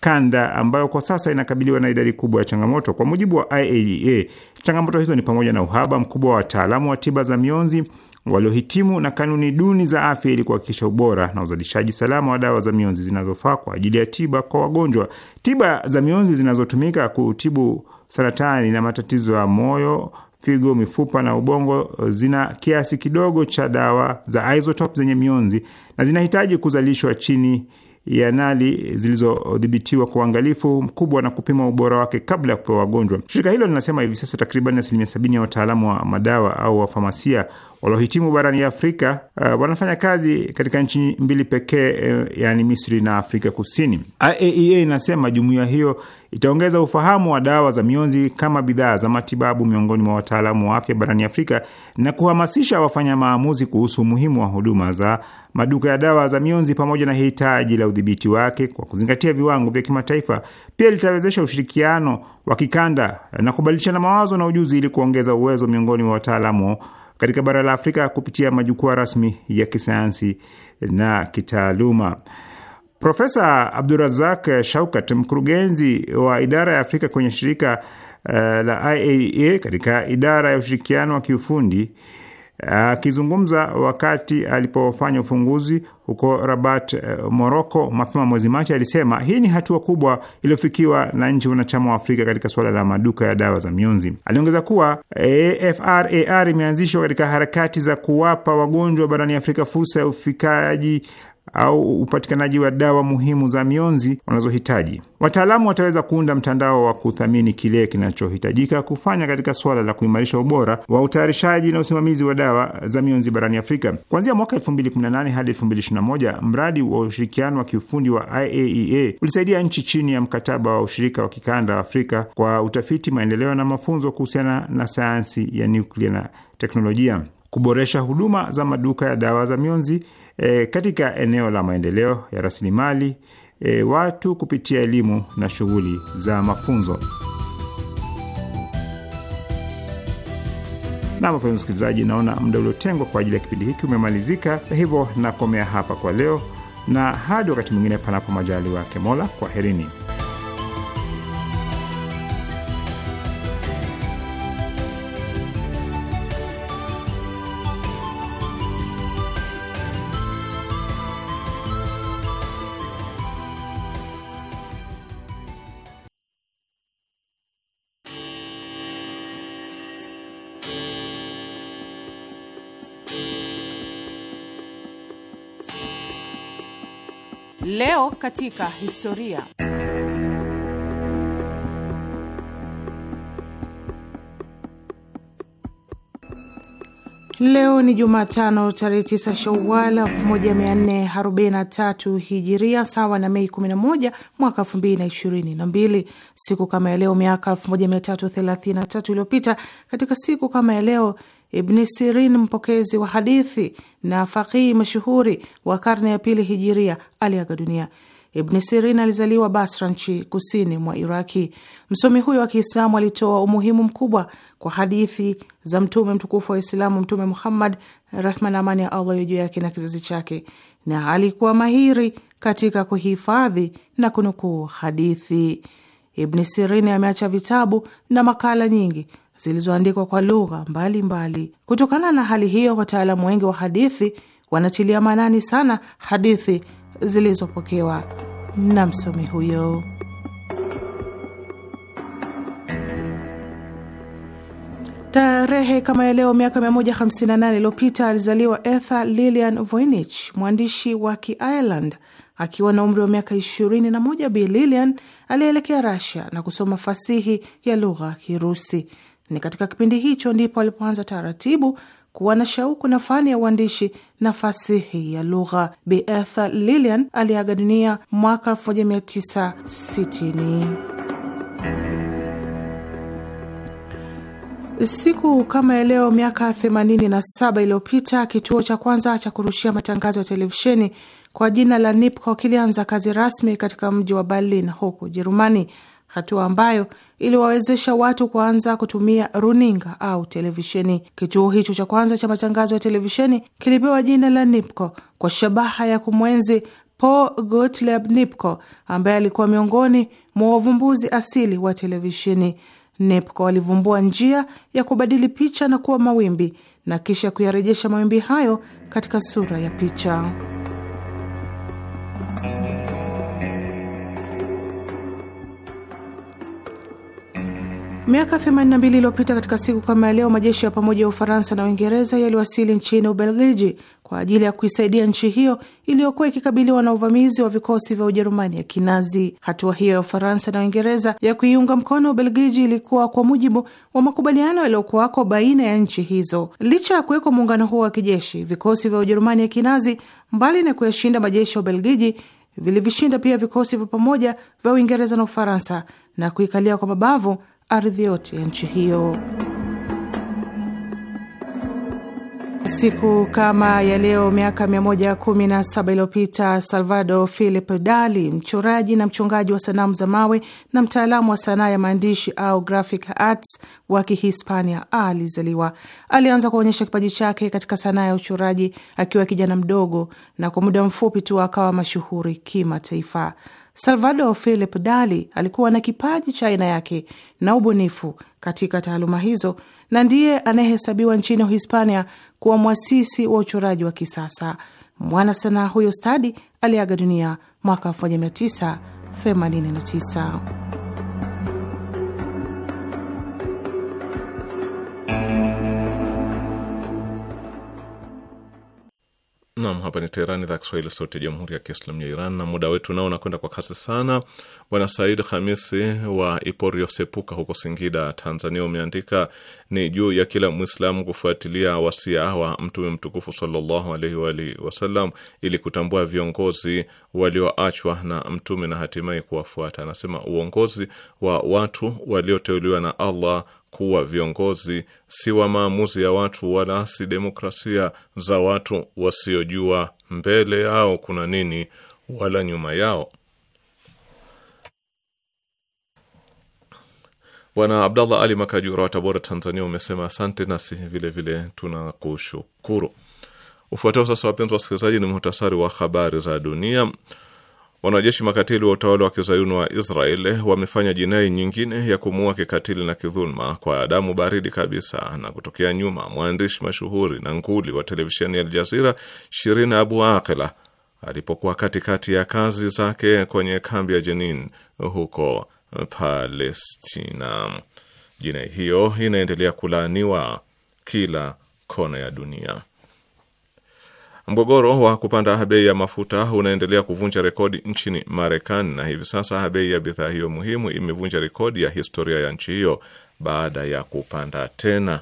kanda ambayo kwa sasa inakabiliwa na idadi kubwa ya changamoto. Kwa mujibu wa IAEA, e, changamoto hizo ni pamoja na uhaba mkubwa wa wataalamu wa tiba za mionzi, waliohitimu na kanuni duni za afya ili kuhakikisha ubora na uzalishaji salama wa dawa za mionzi zinazofaa kwa ajili ya tiba kwa wagonjwa. Tiba za mionzi zinazotumika kutibu saratani na matatizo ya moyo, figo, mifupa na ubongo eh, zina kiasi kidogo cha dawa za isotope zenye mionzi na zinahitaji kuzalishwa chini ya nali zilizodhibitiwa kwa uangalifu mkubwa na kupima ubora wake kabla ya kupewa wagonjwa. Shirika hilo linasema hivi sasa takriban asilimia sabini ya wataalamu wa madawa au wafamasia waliohitimu barani ya Afrika uh, wanafanya kazi katika nchi mbili pekee, uh, yani Misri na Afrika Kusini. IAEA e inasema jumuiya hiyo itaongeza ufahamu wa dawa za mionzi kama bidhaa za matibabu miongoni mwa wataalamu wa afya barani Afrika na kuhamasisha wafanya maamuzi kuhusu umuhimu wa huduma za maduka ya dawa za mionzi pamoja na hitaji la udhibiti wake kwa kuzingatia viwango vya kimataifa. Pia litawezesha ushirikiano wa kikanda na kubadilishana mawazo na ujuzi ili kuongeza uwezo miongoni mwa wataalamu katika bara la Afrika kupitia majukwaa rasmi ya kisayansi na kitaaluma. Profesa Abdurazak Shaukat, mkurugenzi wa idara ya Afrika kwenye shirika uh, la IAEA katika idara ya ushirikiano wa kiufundi eh, akizungumza uh, wakati alipofanya ufunguzi huko Rabat, uh, eh, Moroko mapema mwezi Machi, alisema hii ni hatua kubwa iliyofikiwa na nchi wanachama wa Afrika katika suala la maduka ya dawa za mionzi. Aliongeza kuwa AFRAR imeanzishwa katika harakati za kuwapa wagonjwa barani Afrika fursa ya ufikaji au upatikanaji wa dawa muhimu za mionzi wanazohitaji. Wataalamu wataweza kuunda mtandao wa kuthamini kile kinachohitajika kufanya katika suala la kuimarisha ubora wa utayarishaji na usimamizi wa dawa za mionzi barani Afrika. Kuanzia mwaka 2018 hadi 2021, mradi wa ushirikiano wa kiufundi wa IAEA e ulisaidia nchi chini ya mkataba wa ushirika wa kikanda wa Afrika kwa utafiti, maendeleo na mafunzo kuhusiana na sayansi ya nuklia na teknolojia, kuboresha huduma za maduka ya dawa za mionzi e, katika eneo la maendeleo ya rasilimali e, watu kupitia elimu na shughuli za mafunzo. Na wapenzi msikilizaji, naona muda uliotengwa kwa ajili ya kipindi hiki umemalizika, hivyo nakomea hapa kwa leo, na hadi wakati mwingine, panapo majali wake Mola, kwaherini. katika historia. Leo ni Jumatano tarehe 9 Shawal 1443 Hijiria, sawa na Mei 11 mwaka 2022. Siku kama ya leo miaka 1333 iliyopita, katika siku kama ya leo Ibni Sirin, mpokezi wa hadithi na fakihi mashuhuri wa karne ya pili hijiria, aliaga dunia. Ibni Sirin alizaliwa Basra, nchi kusini mwa Iraki. Msomi huyo wa Kiislamu alitoa umuhimu mkubwa kwa hadithi za mtume mtukufu wa Islamu, Mtume Muhammad, rehma na amani ya Allah juu yake na kizazi chake, na alikuwa mahiri katika kuhifadhi na kunukuu hadithi. Ibni Sirin ameacha vitabu na makala nyingi zilizoandikwa kwa lugha mbalimbali. Kutokana na hali hiyo, wataalamu wengi wa hadithi wanatilia maanani sana hadithi zilizopokewa na msomi huyo. Tarehe kama ya leo miaka 158 iliyopita alizaliwa Ethel Lillian Voynich, mwandishi wa Kiireland. Akiwa na umri wa miaka 21, Bi Lillian alielekea Russia na kusoma fasihi ya lugha Kirusi. Ni katika kipindi hicho ndipo alipoanza taratibu kuwa na shauku na fani ya uandishi na fasihi ya lugha. Bi Ethel Lillian aliaga dunia mwaka 1960. Siku kama ya leo miaka 87 iliyopita kituo cha kwanza cha kurushia matangazo ya televisheni kwa jina la Nipco kilianza kazi rasmi katika mji wa Berlin huko Ujerumani hatua ambayo iliwawezesha watu kuanza kutumia runinga au televisheni. Kituo hicho cha kwanza cha matangazo ya televisheni kilipewa jina la Nipco kwa shabaha ya kumwenzi Paul Gottlieb Nipko ambaye alikuwa miongoni mwa wavumbuzi asili wa televisheni. nipco alivumbua njia ya kubadili picha na kuwa mawimbi na kisha kuyarejesha mawimbi hayo katika sura ya picha. Miaka 82 iliyopita katika siku kama leo, majeshi ya pamoja ya Ufaransa na Uingereza yaliwasili nchini Ubelgiji kwa ajili ya kuisaidia nchi hiyo iliyokuwa ikikabiliwa na uvamizi wa vikosi vya Ujerumani ya Kinazi. Hatua hiyo ya Ufaransa na Uingereza ya kuiunga mkono Ubelgiji ilikuwa kwa mujibu wa makubaliano yaliyokuwako baina ya nchi hizo. Licha ya kuwekwa muungano huo wa kijeshi, vikosi vya Ujerumani ya Kinazi, mbali na kuyashinda majeshi ya Ubelgiji, vilivishinda pia vikosi vya pamoja vya Uingereza na Ufaransa na kuikalia kwa mabavu ardhi yote ya nchi hiyo. Siku kama ya leo miaka 117 iliyopita Salvador Philip Dali, mchoraji na mchongaji wa sanamu za mawe na mtaalamu wa sanaa ya maandishi au graphic arts wa Kihispania alizaliwa. Alianza kuonyesha kipaji chake katika sanaa ya uchoraji akiwa kijana mdogo, na kwa muda mfupi tu akawa mashuhuri kimataifa. Salvador Philip Dali alikuwa na kipaji cha aina yake na ubunifu katika taaluma hizo na ndiye anayehesabiwa nchini Uhispania kuwa mwasisi wa uchoraji wa kisasa. Mwana sanaa huyo stadi aliaga dunia mwaka 1989. Nam, hapa ni Teherani, idhaa Kiswahili, sauti ya jamhuri ya kiislamu ya Iran. Na muda wetu nao unakwenda kwa kasi sana. Bwana Said Hamisi wa Iporio Sepuka huko Singida, Tanzania, umeandika ni juu ya kila mwislamu kufuatilia wasia wa Mtume mtukufu sallallahu alaihi wa alihi wasallam ili kutambua viongozi walioachwa na Mtume na hatimaye kuwafuata. Anasema uongozi wa watu walioteuliwa na Allah kuwa viongozi si wa maamuzi ya watu wala si demokrasia za watu wasiojua mbele yao kuna nini wala nyuma yao. Bwana Abdallah Ali Makajura wa Tabora, Tanzania, umesema asante, nasi vilevile tunakushukuru. Ufuatao sasa, wapenzi wasikilizaji, ni muhtasari wa habari za dunia. Wanajeshi makatili wa utawala wa kizayuni wa israel wamefanya jinai nyingine ya kumuua kikatili na kidhuluma kwa damu baridi kabisa na kutokea nyuma mwandishi mashuhuri na nguli wa televisheni ya Aljazira Shirin Abu Aqila alipokuwa katikati ya kazi zake kwenye kambi ya Jenin huko Palestina. Jinai hiyo inaendelea kulaaniwa kila kona ya dunia. Mgogoro wa kupanda bei ya mafuta unaendelea kuvunja rekodi nchini Marekani, na hivi sasa bei ya bidhaa hiyo muhimu imevunja rekodi ya historia ya nchi hiyo baada ya kupanda tena.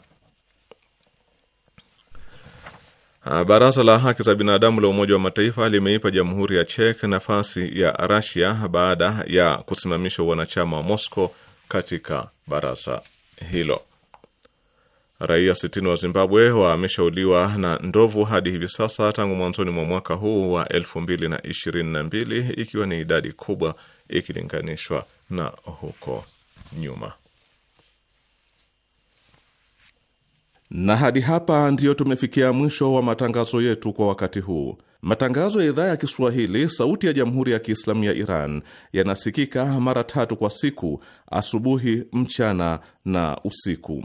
Baraza la haki za binadamu la Umoja wa Mataifa limeipa Jamhuri ya Czech nafasi ya Russia baada ya kusimamisha wanachama wa Moscow katika baraza hilo. Raia 60 wa Zimbabwe wameshauliwa na ndovu hadi hivi sasa tangu mwanzoni mwa mwaka huu wa 2022 ikiwa ni idadi kubwa ikilinganishwa na huko nyuma. Na hadi hapa ndiyo tumefikia mwisho wa matangazo yetu kwa wakati huu. Matangazo ya idhaa ya Kiswahili sauti ya Jamhuri ya Kiislamu ya Iran yanasikika mara tatu kwa siku: asubuhi, mchana na usiku.